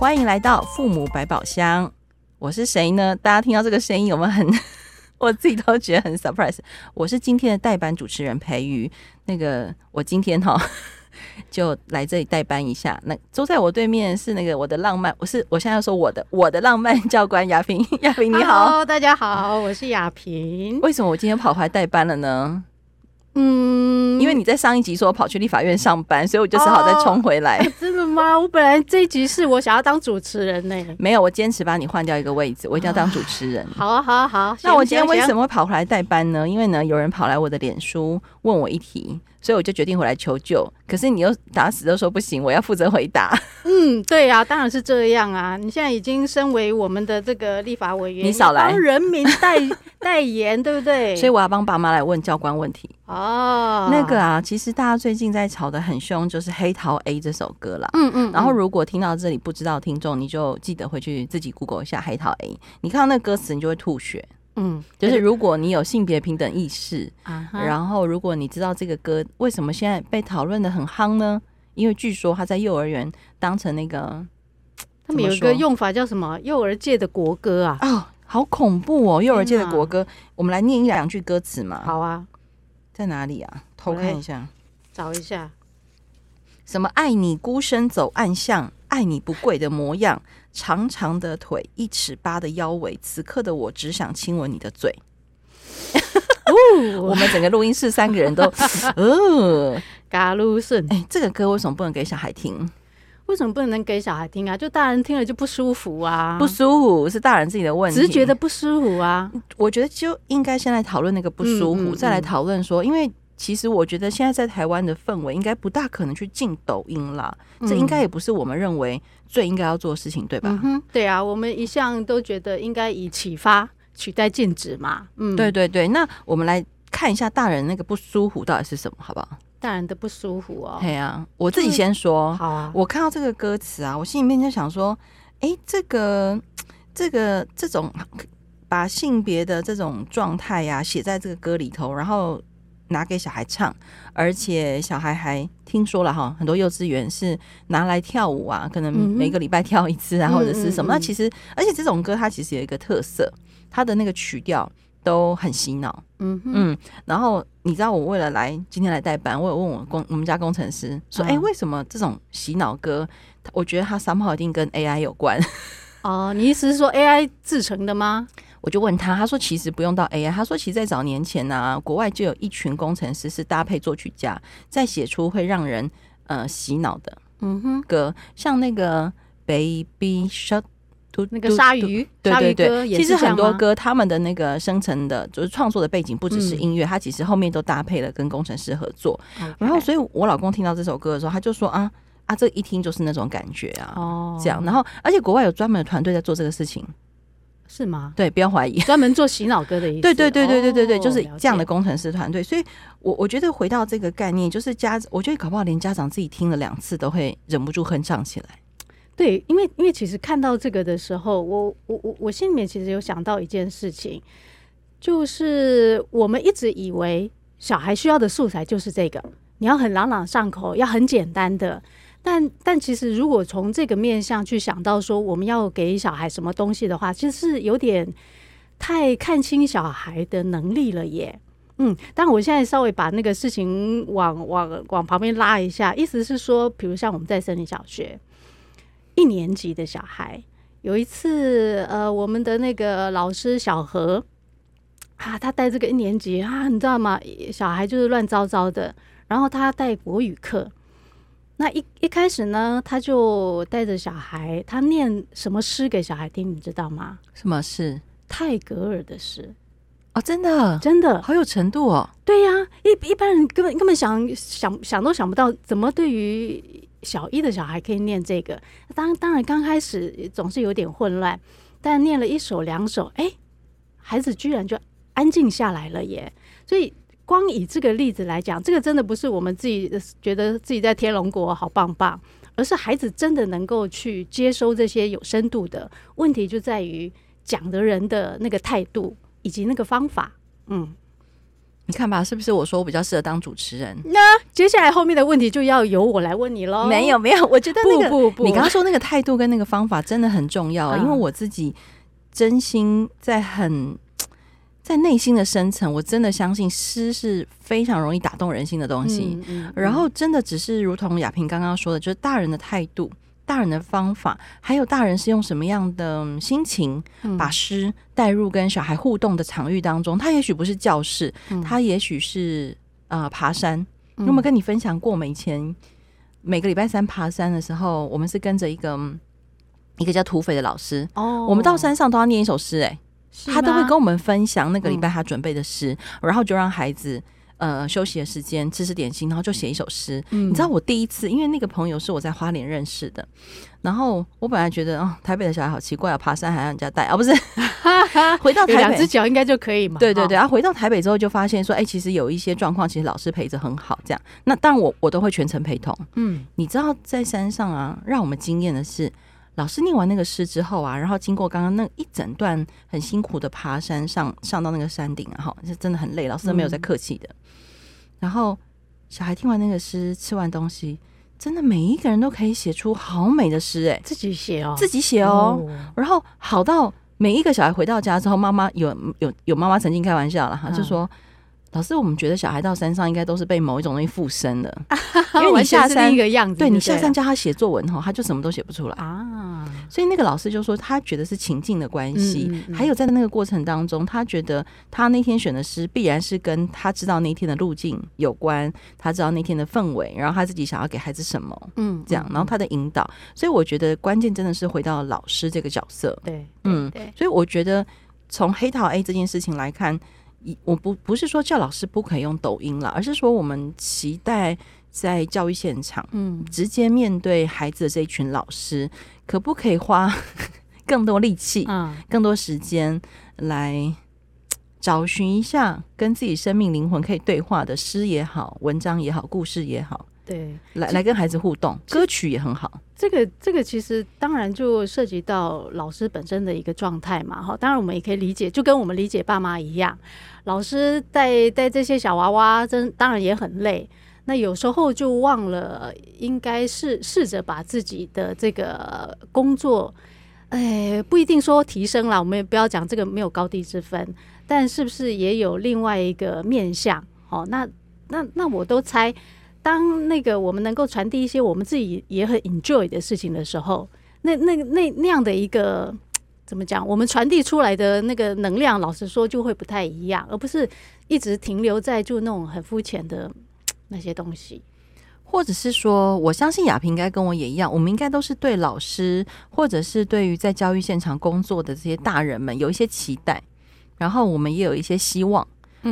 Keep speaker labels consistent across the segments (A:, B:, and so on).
A: 歡
B: 迎來到父母百寶箱。我是誰呢？大家聽到這個聲音有沒有很？ 我自己都覺得很 surprise。我是今天的代班主持人培瑜，那個我今天哈 就來這裡代班一下。那坐在我對面是那個我的浪漫，我是我現在要說我的我的浪漫教官雅萍， 雅萍你好。
A: 大家好，
B: 我是雅萍。 為什麼我今天跑回來代班了呢？嗯，因為你在上一集說我跑去立法院上班，所以我就只好再衝回來、
A: 哦啊。真的嗎？我本來這一集是我想要當主持人呢、欸。
B: 沒有，我堅持把你換掉一個位置，我一定要當主持人。啊
A: 好啊，好啊，好啊。那我今天為什麼
B: 會跑回來代班呢？因為呢，有人跑來我的臉書問我一題。所以我就決定回來求救，可是你又打死都說不行，我要負責回答。嗯，
A: 對啊，當然是這樣啊。你現在已經身為我們的這個立法委員，你少來幫人民代 代言，對不對？所以我
B: 要幫爸媽來問教官問題。哦、
A: oh，那個啊，
B: 其實大家最近在吵得很凶，就是《黑桃 A》這首歌啦。嗯，嗯嗯。然後如果聽到這裡不知道聽眾，你就記得回去自己 Google 一下《黑桃 A》，你看到那歌詞，你就會吐血。嗯，就是如果你有性別平等意識、呃，然後如果你知道這個歌為什麼現在被討論得很夯呢？因為據說他在幼兒園當成那個，他們有一個用法叫什麼？幼兒界的國歌啊！啊、哦，好恐怖哦！幼兒界的國歌，啊、我們來念一兩句歌詞嘛。好啊，在哪裡啊？偷看一下，
A: 找一下，
B: 什麼愛你孤身走暗巷，愛你不跪的模樣。長長的腿，一尺八的腰圍。此刻的我只想親吻你的嘴。哦 我們整個錄音室三個人都，呃、 哦，嘎路遜。哎，這個歌為什麼不能給小孩聽？
A: 為什麼不能給小孩聽啊？就大人聽了就不舒服啊。不舒
B: 服是大人自己的問題，只是覺得
A: 不舒服啊。我覺得就
B: 應該先來討論那個不舒服，嗯嗯嗯再來討論說，因為。其實我覺得現在在台灣的氛圍應該不大可能去禁抖音了，嗯，這應該也不是我們認為最應該要做的事情，對吧，
A: 嗯？對啊，我們一向都覺得應該以啟發取代禁止嘛。嗯，對對對。那我們來
B: 看一下大人那個不舒服到底是什麼，好不好？
A: 大人的不舒服哦。對啊，
B: 我自己先說，就是。好啊。我看到這個歌詞啊，我心裡面就想說，哎，這個這個這種把性別的這種狀態呀，啊，寫在這個歌裡頭，然後。拿給小孩唱，而且小孩還聽說了哈，很多幼稚園是拿來跳舞啊，可能每個禮拜跳一次啊，嗯、或者是什麼嗯嗯嗯。那其實，而且這種歌它其實有一個特色，它的那個曲調都很洗腦，嗯嗯。然後你知道，我為了來今天來代班，我有問我工我們家工程師說，哎、嗯，欸、為什麼這種洗腦歌？我覺得它 somehow 一定跟 AI 有關哦、嗯， uh, 你意思是說 AI 製成的嗎？我就問他，他說其實不用到 AI，、啊、他說其實在早年前呢、啊，國外就有一群工程師是搭配作曲家，在寫出會讓人呃洗腦的嗯哼歌，像那個 Baby
A: Shark 那個鯊魚，對對對，其實很多歌
B: 他們的那個生成的就是創作的背景不只是音樂，他、嗯、其實後面都搭配了跟工程師合作。Okay、然後，所以我老公聽到這首歌的時候，他就說啊啊，這一聽就是那種感覺啊、哦，這樣。然後，而且國外有專門的團隊在做這個事情。是嗎？對，不要懷疑，
A: 專門做洗腦歌的， 對對對對對對對、哦，就是
B: 這樣的工程師團隊、哦。所以，我我覺得回到這個概念，就是家，我覺得搞不好連家長自己聽了兩次都會忍不住哼唱起來。
A: 對，因為因為其實看到這個的時候，我我我我心裡面其實有想到一件事情，就是我們一直以為小孩需要的素材就是這個，你要很朗朗上口，要很簡單的。但但其實，如果從這個面向去想到說，我們要給小孩什麼東西的話，其實是有點太看清小孩的能力了耶。嗯，但我現在稍微把那個事情往往往旁邊拉一下，意思是說，比如像我們在森林小學一年級的小孩，有一次，呃，我們的那個老師小何啊，他帶這個一年級啊，你知道嗎？小孩就是亂糟糟的，然後他帶國語課。那一一開始呢，他就帶着小孩，他念什麼詩給小孩聽，你知道嗎？什麼是泰戈爾的詩
B: 啊、哦！真的，真的，好有程度哦。
A: 對呀、啊，一一般人根本根本想想想都想不到，怎麼對於小一的小孩可以念這個？當然當然剛開始總是有點混亂，但念了一首兩首，哎、欸，孩子居然就安靜下來了耶！所以。光以這個例子來講，這個真的不是我們自己覺得自己在天龍國好棒棒，而是孩子真的能夠去接收這些有深度的問題，就在於講的人的那個態度以及那個方法。
B: 嗯，你看吧，是不是？我說我比較適合當主持人，
A: 那、no. 接下來後面的問題就要由我來問你嘍。沒有沒有，我覺得、那個、不不不，你剛剛說
B: 那個態度跟那個方法真的很重要、啊啊，因為我自己真心在很。在內心的深層，我真的相信詩是非常容易打動人心的東西。嗯嗯嗯、然後，真的只是如同雅萍剛剛說的，就是大人的態度、大人的方法，還有大人是用什麼樣的心情把詩帶入跟小孩互動的場域當中。嗯、他也許不是教室，他也許是啊、呃、爬山。那麼，跟你分享過，以前每個禮拜三爬山的時候，我們是跟着一個一個叫土匪的老師哦，我們到山上都要念一首詩、欸，誒。他都會跟我們分享那個禮拜他準備的詩，嗯、然後就讓孩子呃休息的時間吃吃點心，然後就寫一首詩。嗯、你知道我第一次，因為那個朋友是我在花蓮認識的，然後我本來覺得哦，台北的小孩好奇怪哦，爬山還要人家帶啊、哦，不是？
A: 回到台北兩隻腳應該就可以嘛。對
B: 對對，啊，回到台北之後就發現說，哎，其實有一些狀況，其實老師陪着很好，這樣。那但我我都會全程陪同。嗯，你知道在山上啊，讓我們驚艷的是，老師念完那個詩之後啊，然後經過剛剛那一整段很辛苦的爬山上，上上到那個山頂啊，哈，是真的很累，老師都沒有在客氣的，嗯。然後小孩聽完那個詩，吃完東西，真的每一個人都可以寫出好美的詩，哎，自己寫哦，自己寫哦，哦。然後好到每一個小孩回到家之後，媽媽有有有媽媽曾經開玩笑了哈，嗯，就說。老師，我們覺得小孩到山上應該都是被某一種東西附身的。 因為你下山一個樣子。對，你下山教他寫作文後他就什麼都寫不出來啊。所以那個老師就說，他覺得是情境的關係。還有在那個過程當中，他覺得他那天選的詩必然是跟他知道那天的路徑有關，他知道那天的氛圍，然後他自己想要給孩子什麼，嗯，這樣，然後他的引導。所以我覺得關鍵真的是回到老師這個角色。對，嗯，對。所以我覺得從黑桃 A 這件事情來看。我不不是說叫老師不可以用抖音了，而是說我們期待在教育現場，嗯，直接面對孩子的這一群老師，嗯，可不可以花更多力氣，嗯，更多時間來找尋一下跟自己生命靈魂可以對話的詩也好，文章也好，故事也好。對，來來跟孩子互動，歌曲也很好。
A: 這個這個其實當然就涉及到老師本身的一個狀態嘛，哈。當然我們也可以理解，就跟我們理解爸媽一樣，老師帶帶這些小娃娃真，真當然也很累。那有時候就忘了應，應該試試着把自己的這個工作，哎，不一定說提升了。我們也不要講這個沒有高低之分，但是不是也有另外一個面向？好，那那那我都猜。當那個我們能夠傳遞一些我們自己也很 enjoy 的事情的時候，那那那那樣的一個怎麼講？我們傳遞出來的那個能量，老實說就會不太一樣，而不是一直停留在就那種很膚淺的那些東西，
B: 或者是說，我相信雅萍應該跟我也一樣，我們應該都是對老師，或者是對於在教育現場工作的這些大人們有一些期待，然後我們也有一些希望。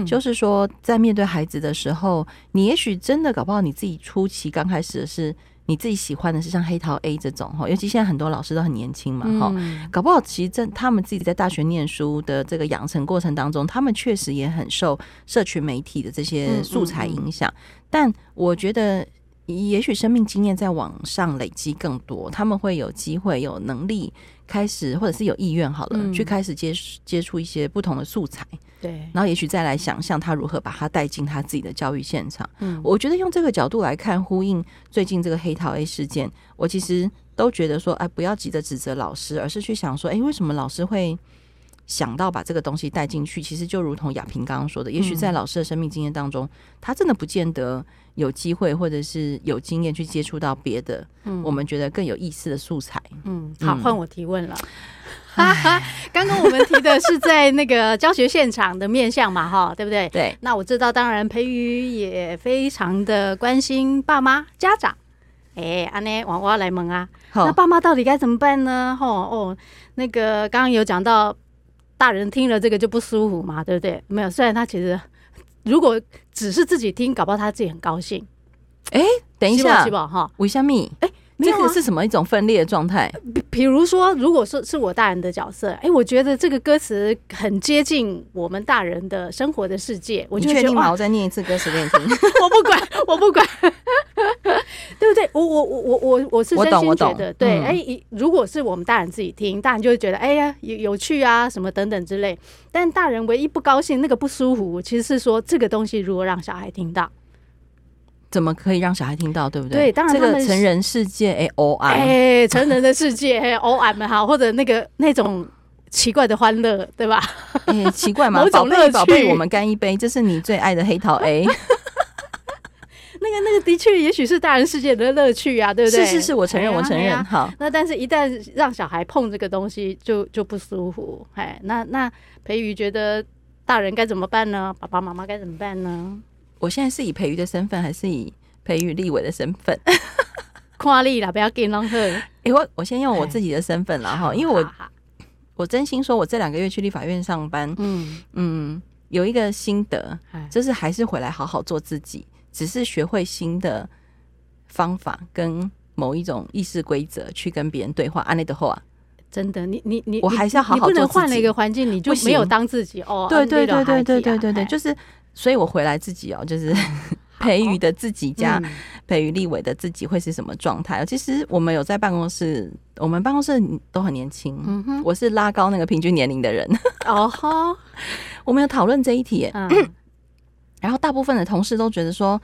B: 就是說，在面對孩子的時候，你也許真的搞不好，你自己初期剛開始的是你自己喜歡的是像黑桃 A 這種哈，尤其現在很多老師都很年輕嘛哈，嗯，搞不好其實在他們自己在大學唸書的這個養成過程當中，他們確實也很受社群媒體的這些素材影響，嗯嗯嗯，但我覺得。也許生命經驗在網上累積更多，他們會有機會、有能力開始，或者是有意願好了、嗯，去開始接接觸一些不同的素材。對，然後也許再來想象他如何把他帶進他自己的教育現場。嗯，我覺得用這個角度來看，呼應最近這個黑桃 A 事件，我其實都覺得說，哎、呃，不要急着指責老師，而是去想說，哎、欸，為什麼老師會？想到把這個東西帶進去，其實就如同雅萍剛剛說的，也許在老師的生命經驗當中、嗯，他真的不見得有機會或者是有經驗去接觸到別的，嗯，我們覺得更有意思的素材。
A: 嗯，嗯好，換我提問了。哈哈，剛剛我們提的是在那個教學現場的面向嘛，哈， 對不對？對。那我知道，當然培瑜也非常的關心爸媽、家長。哎、欸，阿，我要來問啊，那爸媽到底該怎麼辦呢？哦哦，那個剛剛有講到。大人聽了這個就不舒服嘛，對不對？沒有，雖然他其實如果只是自己聽，搞不好他自己很高興。哎、欸，等一下，是吧哈，為什麼？哎、欸。這個是什麼
B: 一種分裂的狀態？啊、比
A: 如說，如果說是，是我大人的角色，哎，我覺得這個歌詞很接近我們大人的生活的世界。我就，你確定嗎？我再念一次歌詞給你聽。 我不管，我不管， 對不對？我我我我我我是真心我懂我懂覺得，對，哎、嗯，如果是我們大人自己聽，大人就會覺得哎呀、啊，有有趣啊，什麼等等之類。但大人唯一不高興那個不舒服，其實是說這個東西如果讓小孩聽到，
B: 怎麼可以讓小孩聽到？對不對？對，當然這個成人世界，哎，偶爾，哎，
A: 成人的世界，哎，偶爾嘛，好，或者那個那種奇怪的歡樂，對吧？
B: 哎、欸，奇怪嘛？寶貝寶貝，寶貝寶貝我們
A: 乾一杯，這是你最愛的黑桃 A。那 個 那個，那個、的確，也許是大人世界的樂趣啊，對不對？是是是我， 我承認，我承認。好，那但是一旦讓小孩碰這個東西，就就不舒服。哎，那那培瑜覺得大人該怎麼辦呢？爸爸媽媽該怎麼辦呢？
B: 我現在是以培瑜的身份，還是以培瑜立委的身份？
A: 看 你啦，不要給弄錯。哎、
B: 欸，我我先用我自己的身份啦哈，因為我好好我真心說，我這兩個月去立法院上班，嗯嗯，有一個心得，就是還是回來好好做自己，只是學會新的方法跟某一種意識規則去跟別人對話。安利的話，
A: 真的，你你你，我還是要好好做你不能換了一個環境，你就沒有當自己哦。Oh, 對，對，對，對對對
B: 對對對對對，就是。所以我回來自己哦，就是培瑜的自己家，嗯、培瑜立委的自己會是什麼狀態？其實我們有在辦公室，我們辦公室都很年輕、嗯，我是拉高那個平均年齡的人。哦哈，我們有討論這一題、嗯嗯，然後大部分的同事都覺得說，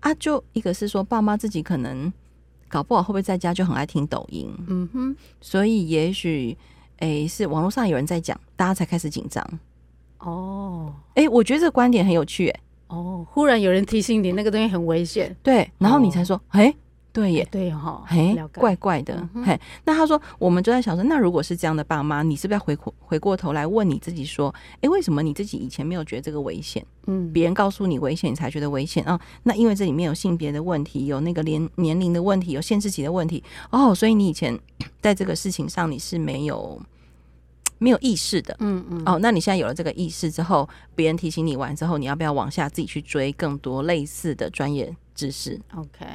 B: 啊，就一個是說爸媽自己可能搞不好會不會在家就很愛聽抖音，嗯
A: 哼，
B: 所以也許誒、欸、是網絡上有人在講，大家才開始緊張。哦，誒，我覺得這個觀點很有趣、欸，誒，哦，忽然有人提醒你那個東西很危險，對，然後你才說，誒、哦，欸，對耶，欸、對哈、哦，誒、欸，怪怪的、嗯，嘿，那他說，我們就在想說，那如果是這樣的爸媽，你是不是要回回過頭來問你自己說，誒、欸，為什麼你自己以前沒有覺得這個危險？嗯，別人告訴你危險，你才覺得危險啊、哦？那因為這裡面有性別的問題，有那個年年齡的問題，有限制級的問題，哦，所以你以前在這個事情上你是沒有。沒有意識的，嗯嗯，哦，那你現在有了這個意識之後，別人提醒你完之後，你要不要往下自己去追更多類似的專業知識
A: ？OK，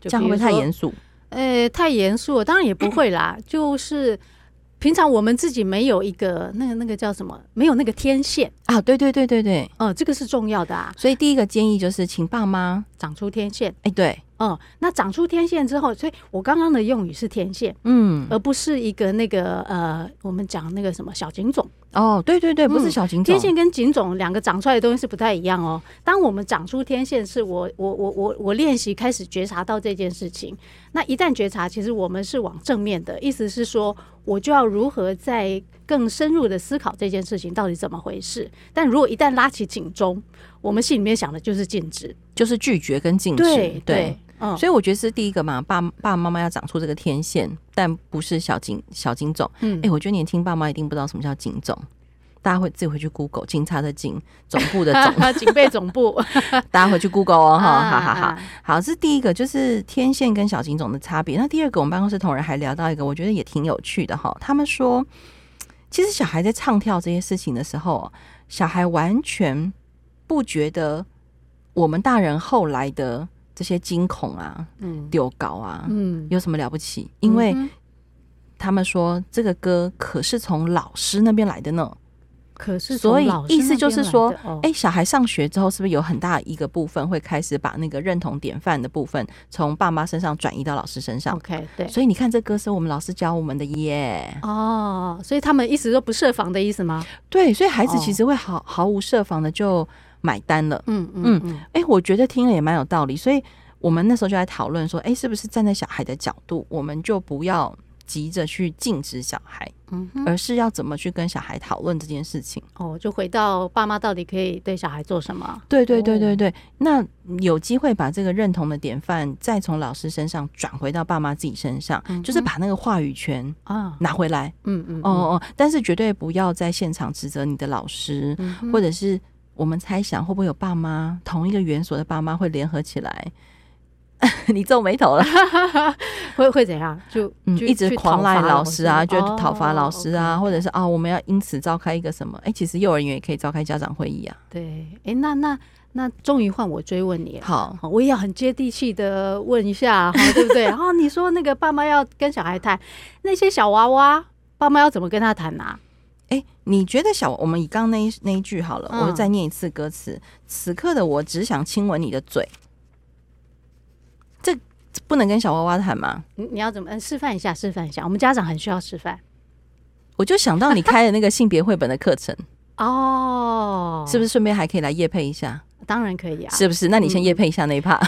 A: 這樣會不會太嚴肅？呃，太嚴肅，當然也不會啦，嗯、就是。平常我們自己沒有一個那個那個叫什麼，沒有那個天線啊，
B: 對對對對對，
A: 嗯，這個是重要的啊，所以第一個建議就是請爸媽長出天線，哎，對，哦，那長出天線之後，所以我剛剛的用語是天線，嗯，而不是一個那個呃，我們講那個什麼小警總。
B: 哦，對對對，不是小型、嗯、天線
A: 跟警鐘兩個長出來的東西是不太一樣哦。當我們長出天線，是我我我我我練習開始覺察到這件事情。那一旦覺察，其實我們是往正面的，意思是說，我就要如何在更深入的思考這件事情到底怎麼回事。但如果一旦拉起警鐘，我們心裡面想的就是禁止，
B: 就是拒絕跟禁止，對。對哦、所以我覺得是第一個嘛，爸爸爸媽媽要長出這個天線，但不是小警，小警總。嗯、欸，哎，我覺得年輕爸媽一定不知道什麼叫警總，大家會自己回去 Google 警察的警，總部的總 警
A: 備總部 ，
B: 大家回去 Google 哦。哈、啊哦，哈哈。好，這是第一個，就是天線跟小警總的差別。那第二個，我們辦公室同仁還聊到一個，我覺得也挺有趣的哈、哦。他們說，其實小孩在唱跳這些事情的時候，小孩完全不覺得我們大人後來的。這些驚恐啊，丟、嗯、稿啊，嗯，有什麼了不起？嗯、因為他們說這個歌可是從老師那邊來的呢，可是老師
A: 的，所以意思就是說，
B: 哎、欸欸嗯，小孩上學之後是不是有很大一個部分會開始把那個認同典範的部分從爸媽身上轉移到老師身上？OK，對。所以你看，這歌是我們老師教我們的耶。哦，
A: 所以他們一直都不設防的意思嗎？對，所以孩子其實會毫、哦、毫無設防的
B: 就。買單了，嗯嗯嗯哎、欸，我覺得聽了也蠻有道理，所以我們那時候就在討論說，哎、欸，是不是站在小孩的角度，我們就不要急着去禁止小孩，嗯，而是要怎麼去跟小孩討論這件事情？哦，
A: 就回到爸媽到底可以對小孩做什麼？
B: 對對對對對，哦、那有機會把這個認同的典範再從老師身上轉回到爸媽自己身上，嗯，就是把那個話語權啊拿回來，啊、嗯，嗯嗯，哦哦，但是絕對不要在現場指責你的老師，嗯、或者是。我們猜想會不會有爸媽同一個園所的爸媽會聯合起來？
A: 你皺眉頭了， 會會怎樣？就、嗯、一直狂賴老師啊，討伐老師哦、就討伐
B: 老師啊，或者是啊、哦 okay 哦，我們要因此召開一個什麼？哎，其實幼兒園也可以召開家長會議啊。
A: 對，哎，那那那，那那終於換我追問你了好，好，我也要很接地氣的問一下，好對不對？然 後、哦、你說那個爸媽要跟小孩談，那些小娃娃爸媽要怎麼跟他談呢、啊？
B: 哎、欸，你覺得小我們以剛那一那一句好了，嗯，我就再念一次歌詞。此刻的我只想親吻你的嘴，這，這不能跟小娃娃談嗎？
A: 你你要怎麼、呃、示範一下？示範一下，我們家長很需要示範。
B: 我就想到你開的那個性別繪本的課程
A: 哦， 是不是順便
B: 還可以來業配一下？當然可以啊，是不是？那你先業配一下那一 part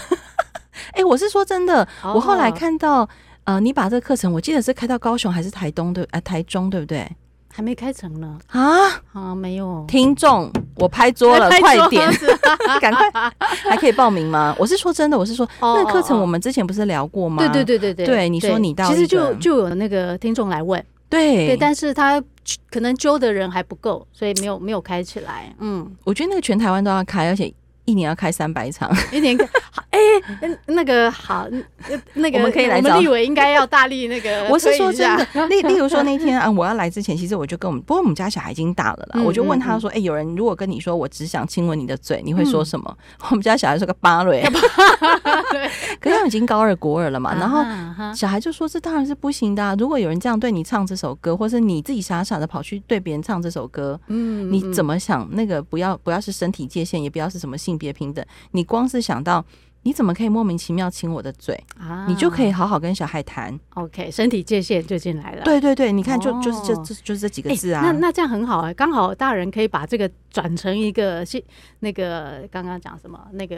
B: 哎、 欸，我是說真的，哦，我後來看到呃，你把這個課程，我記得是開到高雄還是台東，對？呃，台中對不對？
A: 還沒開成呢
B: 啊啊沒有！聽眾，我拍桌了，還拍桌，快點，趕、啊、 快，還可以報名嗎？我是說真的，我是說、哦、那個課程，我們之前不是聊過嗎？對、哦哦哦、對對對對，對你說你到底其實就就
A: 有那個聽眾來問，對對，但是他可能揪的人還不夠，所以沒有沒有開起來。嗯，我覺得那個
B: 全台灣都要開，而且。一年要開三百場， 一年，
A: 哎，那個好，那個 我們可以，來找。我們立委應該要大力那個。 我是說真的，例例如說那天啊，
B: 我要來之前，其實我就跟我們，不過我們家小孩已經大了啦，嗯。嗯，我就問他說：“哎，有人如果跟你說我只想親吻你的嘴，你會說什麼，嗯？”我們家小孩是個巴雷，嗯， 對笑可是他已經高二國二了嘛，然後小孩就說：“這當然是不行的啊！如果有人這樣對你唱這首歌，或是你自己傻傻的跑去對別人唱這首歌，嗯，你怎麼想？那個不要，不要不要是身體界限，也不要是什麼性。”性別平等，你光是想到你怎麼可以莫名其妙親我的嘴
A: 啊，你就可以好好跟小孩談。OK，身體界限就進來了。對對對，你看就、哦，就就是就就就這幾個字啊。欸、那那這樣很好啊、欸，剛好大人可以把這個轉成一個性那個剛剛講什麼那個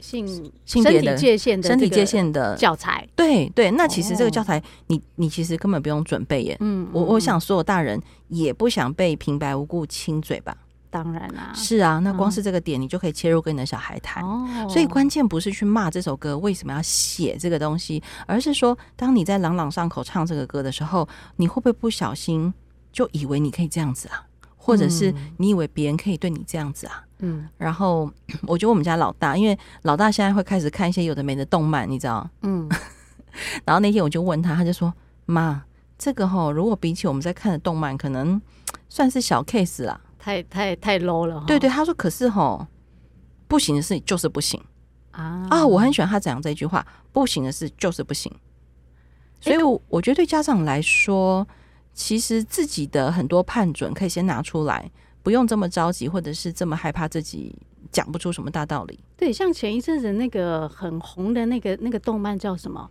A: 性性身體的界限的身體界限的教材。
B: 對對，那其實這個教材你、哦，你你其實根本不用準備耶。嗯,嗯,嗯，我我想所有大人也不想被平白無故親嘴吧。
A: 當然啦、啊，是
B: 啊，那光是這個點，你就可以切入跟你的小孩談。哦，所以關鍵不是去罵這首歌為什麼要寫這個東西，而是說，當你在朗朗上口唱這個歌的時候，你會不會不小心就以為你可以這樣子啊？
A: 或者是
B: 你以為別人可以對你這樣子啊？嗯。然後我覺得我們家老大，因為老大現在會開始看一些有的沒的動漫，你知道？嗯。 然後那天我就問他，他就說：“媽，這個吼、哦，如果比起我們在看的動漫，可能算是小 case 啦。”
A: 太太太 low 了，
B: 哦，對對，他說，可是吼，不行的事就是不行啊啊！我很喜歡他講這句話，不行的事就是不行。所以我覺得對家長來說，欸，其實自己的很多判準可以先拿出來，不用這麼着急，或者是這麼害怕自己講不出什麼大道理。
A: 對，像前一陣子那個很紅的那個那個動漫叫什麼？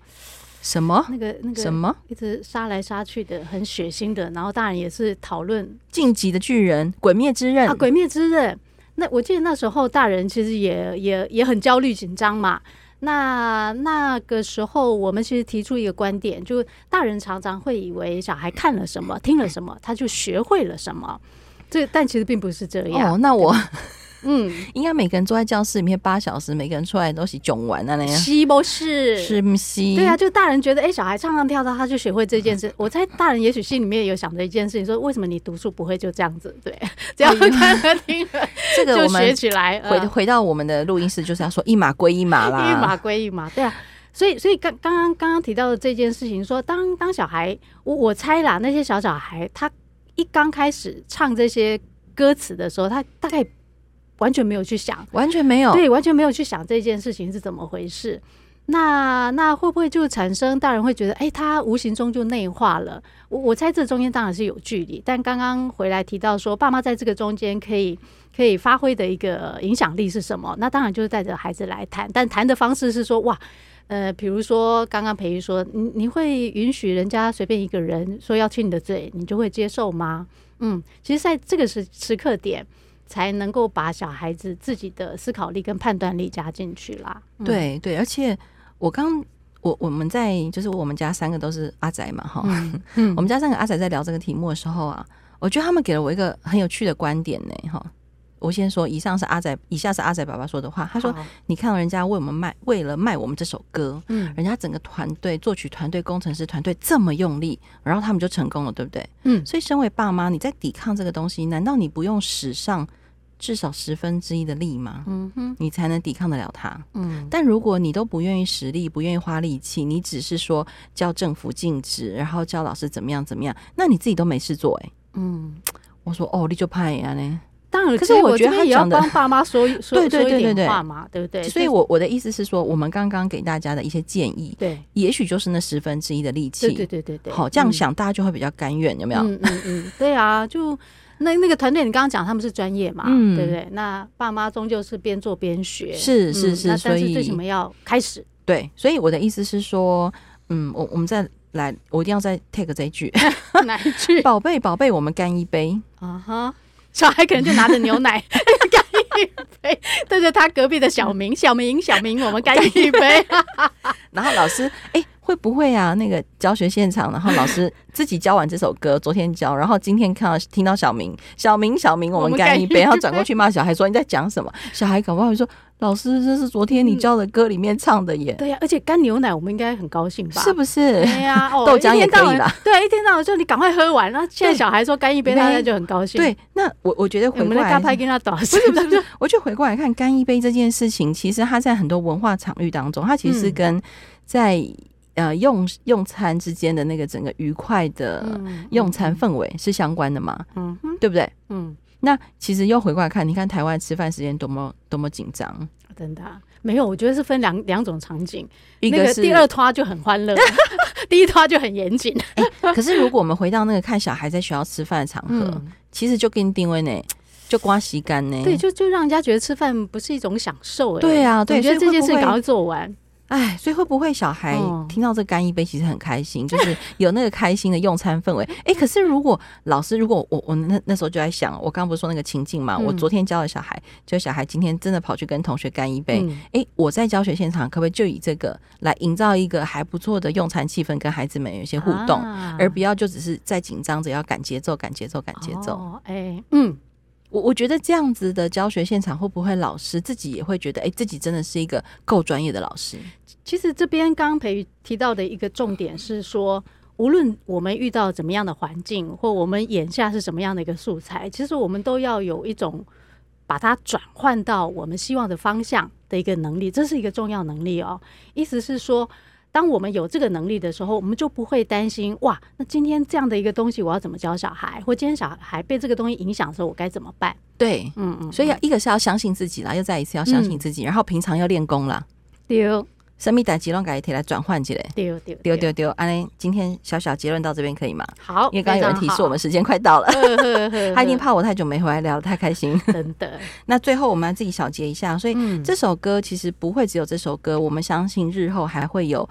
A: 什麼？那個那個什麼，一直殺來殺去的，很血腥的。然後大人也是討論《進擊的巨人》《鬼滅之刃》啊，《鬼滅之刃》那。那我記得那時候大人其實也也也很焦慮緊張嘛。那那個時候我們其實提出一個觀點，就大人常常會以為小孩看了什麼、聽了什麼，他就學會了什麼。這但其實並不是這樣。哦，那我。
B: 嗯，應該每個人坐在教室裡面八小時，每個人出來都是囧完那樣，是
A: 不是？是
B: 不？是？對啊，就
A: 大人覺得，哎、欸，小孩唱唱跳跳，他就學會這件事。嗯、我猜大人也許心裡面有想着一件事情，說，為什麼你讀書不會就這樣子？對，只要，哦、聽了， 這個我們就學起來。嗯、回回
B: 到我們的錄音室，就是要說一碼歸一碼啦， 一碼
A: 歸一碼。對啊，所以所以剛剛剛剛剛提到的這件事情說，說當當小孩，我我猜啦，那些小小孩，他一剛開始唱這些歌詞的時候，他大概。完全沒有去想，完全沒有對，完全沒有去想這件事情是怎麼回事。那那會不會就產生大人會覺得，哎、欸，他無形中就內化了？我我猜這中間當然是有距離，但剛剛回來提到說，爸媽在這個中間可以可以發揮的一個影響力是什麼？那當然就是帶着孩子來談，但談的方式是說，哇，呃，比如說剛剛培瑜說，你你會允許人家隨便一個人說要親你的嘴，你就會接受嗎？嗯，其實在這個時時刻點。才能夠把小孩子自己的思考力跟判斷力加進去啦。對
B: 對，而且我剛我我們在就是我們家三個都是阿宅嘛哈，嗯，嗯 我們家三個阿宅在聊這個題目的時候啊，我覺得他們給了我一個很有趣的觀點呢哈。我先說，以上是阿宅，以下是阿宅爸爸說的話。他說：“你看到人家為我們賣，為了賣我們這首歌，嗯，人家整個團隊、作曲團隊、工程師團隊這麼用力，然後他們就成功了，對不對？嗯，所以身為爸媽，你在抵抗這個東西，難道你不用史上？”至少十分之一的力嘛，嗯哼，你才能抵抗得了他。嗯，但如果你都不願意使力，不願意花力氣，你只是說叫政府禁止，然後叫老師怎麼樣怎麼樣，那你自己都沒事做哎、欸。嗯，我說哦，你就怕人家呢？
A: 當然，可是我覺得他也要幫爸媽說一說，說對對對，對對？所以我，我
B: 我的意思是說，我們剛剛給大家的一些建議，對，也許就是那十分之一的力氣，對對對，對對對對。好，這樣想大家就會比較甘願、嗯，有沒有？嗯，嗯
A: 嗯，對啊，就。那那個團隊，你剛剛講他們是專業嘛、嗯，對不對？那爸媽終究是邊做邊學，是是、嗯、是，是。那但是為什麼要開始？對，所以我的意思
B: 是說，嗯，我我們再來，我一定要再 take 這一句
A: 哪一句？寶
B: 貝寶貝，我們乾一杯
A: 啊哈！Uh-huh, 小孩可能就拿着牛奶乾 一杯，對、就、着、是、他隔壁的小明 小明小明，我們乾一杯。
B: 然後老師哎。欸會不會啊？那個教學現場，然後老師自己教完這首歌， 昨天教，然後今天看到聽到小明、小明、小明，我們乾一杯，一杯 然後轉過去罵小孩說你在講什麼？小孩搞不好會說老師，這是昨天你教的歌裡面唱的耶。嗯、對呀、啊，而且乾牛奶我
A: 們應該很高興吧？是不是？對呀、啊哦，豆漿也可以啦到。對，一天到晚就你趕快喝完，然後現在小孩說乾一杯，大家就很高興。對，對對對對，那我我覺得回過來、欸、我們的乾跟他打是不是？我就
B: 回過來看乾一杯這件事情，其實他在很多文化場域當中，他其實跟在。呃，用用餐之間的那個整個愉快的用餐氛圍是相關的嗎？嗯，嗯，對不對？嗯，那其實又回過來看，你看台灣吃飯時間多麼多麼緊張，
A: 真的、啊、沒有？我覺得是分兩兩種場景，一個是、那個、第二拖就很歡樂， 第一拖就很嚴謹、欸。 可是如
B: 果我們回到那個看小孩在學校吃飯的場合，嗯、其實就給你定位呢，就刮洗乾呢，對，就
A: 就讓人家覺得吃飯不是一種享受。哎，對啊，對，我覺得這件事趕快做完。哎，所以會不會小
B: 孩聽到這乾一杯，其實很開心，哦、就是有那個開心的用餐氛圍？哎、 欸，可是如果老師，如果我我那那時候就在想，我剛剛不是說那個情境嘛？嗯、我昨天教了小孩，就小孩今天真的跑去跟同學乾一杯，哎、嗯欸，我在教學現場可不可以就以這個來營造一個還不錯的用餐氣氛，跟孩子們有一些互動，啊、而不要就只是在緊張着要趕節奏、趕節奏、趕節奏？哎、哦欸，嗯。我我覺得這樣子的教學現場會不會老師自己也會覺得，誒、欸，自己真的是一個夠專業的老師？
A: 其實這邊剛剛培瑜提到的一個重點是說，無論我們遇到怎麼樣的環境，或我們眼下是什麼樣的一個素材，其實我們都要有一種把它轉換到我們希望的方向的一個能力，這是一個重要能力哦、喔。意思是說。當我們有這個能力的時候，我們就不會擔心哇。那今天這樣的一個東西，我要怎麼教小孩？或今天小孩被這個東西影響的時候，我該怎麼辦？
B: 對，嗯嗯。所以要一個是要相信自己啦，又再一次要相信自己，嗯、然後平常要練功啦。
A: 丟。
B: 神秘，打極亂改一體來轉換起來，丢丢丢丟丟。今天小小結論到這邊可以嗎？
A: 好，因為剛有人提示我們
B: 時間快到了 他一定怕我太久沒回來聊得太開心等 等真的 那最後我們要自己小結一下，所以這首歌其實不會只有這首歌，嗯、我們相信日後還會有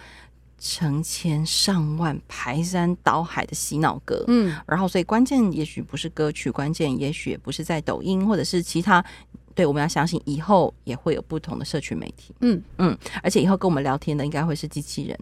B: 成千上萬排山倒海的洗腦歌，嗯、然後所以關鍵也許不是歌曲，關鍵也許也不是在抖音或者是其他對，我們要相信以後也會有不同的社群媒體。嗯嗯，而且以後跟我們聊天的應該會是機器人。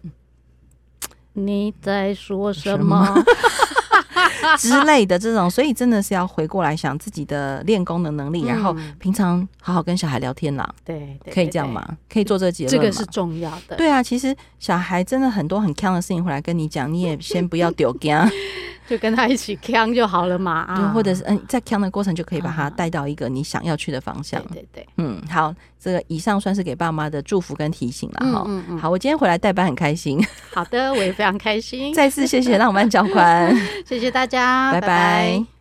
A: 你在說什麼,說什麼 之
B: 類的這種，所以真的是要回過來想自己的練功的能,能力、嗯，然後平常好好跟小孩聊天啦。對、嗯，可以這樣嗎？可以做這個結論，這個是
A: 重要的。對
B: 啊，其實小孩真的很多很強的事情會來跟你講，你也先不要丟掉。
A: 就跟他一起唱
B: 就好了嘛，啊、或者是嗯，在唱的過程就可以把他帶到一個你想要去的方向，啊。對對對，嗯，好，這個以上算是給爸媽的祝福跟提醒了。好，嗯，嗯，嗯好，我今天回來代班很開心。
A: 好的，我也非常開心。 再次謝謝浪漫教官。 謝謝大家，拜拜。Bye bye